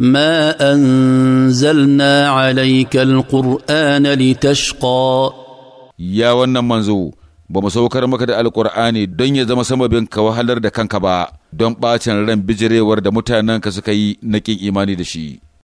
Ma'anzalna أنزلنا عليك القرآن لتشقى wannan manzo ba mu saukar maka da alkur'ani don ya zama sababin ka wahalar da kanka ba don ɓacin ran bijirewar da mutanenka suka yi na ƙin imani da shi